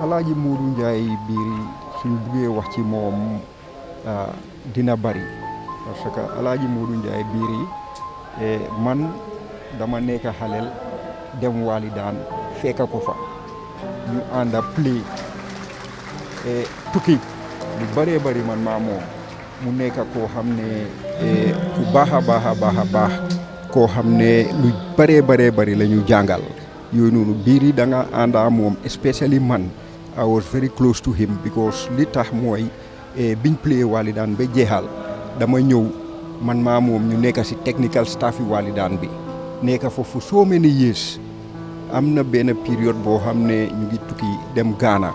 Alaaji Modou Ndiaye Biry buggee wax ci moom dina bari parce que Alaaji Modou Ndiaye Biry e, man dama nekk xaleel dem waali daan fekk ko fa ñu ànd play e, tukki lu bëree man maa moom mu nekk koo xam ne e, ku baax a baax a baax a baax koo xam ne lu bëree bëree bëri la ñu jàngal yooyu noonu biir yi da nga àndaa moom especially man I was very close to him because li tax mooy eh, biñ play Walidaan ba jeexal dama ñëw man maa ñu nekk si technical staff yi Walidaan bi nekk foofu so many years am na benn période boo xam ne ñu ngi dem gaana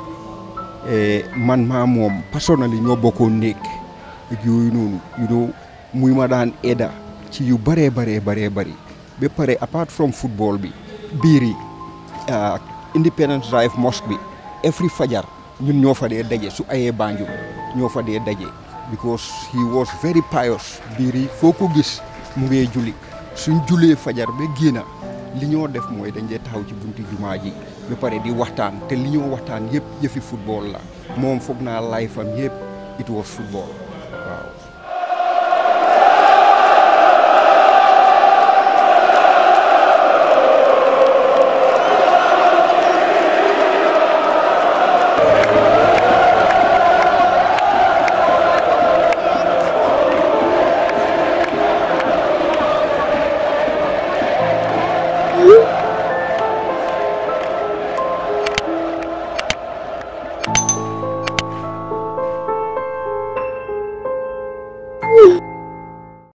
eh, man maa moom personnellement ñoo bokkoon néeg ak yooyu noonu you know muy ma daan aida ci yu bëree bëree bëree bari ba pare apart from football bi biiri ah, Independence Drive mosque bi every fajar ñun ñoo fa dee daje su aye Banjul ñoo fa dee daje because he was very pious biiri foo ko gis mu ngee juli suñ julee fajar ba génna li ñoo def mooy dañ dee taxaw ci bunti jumaa ji ba pare di waxtaan te li ñoo waxtaan yëpp yëfi football la moom foog naa life am yëpp it was football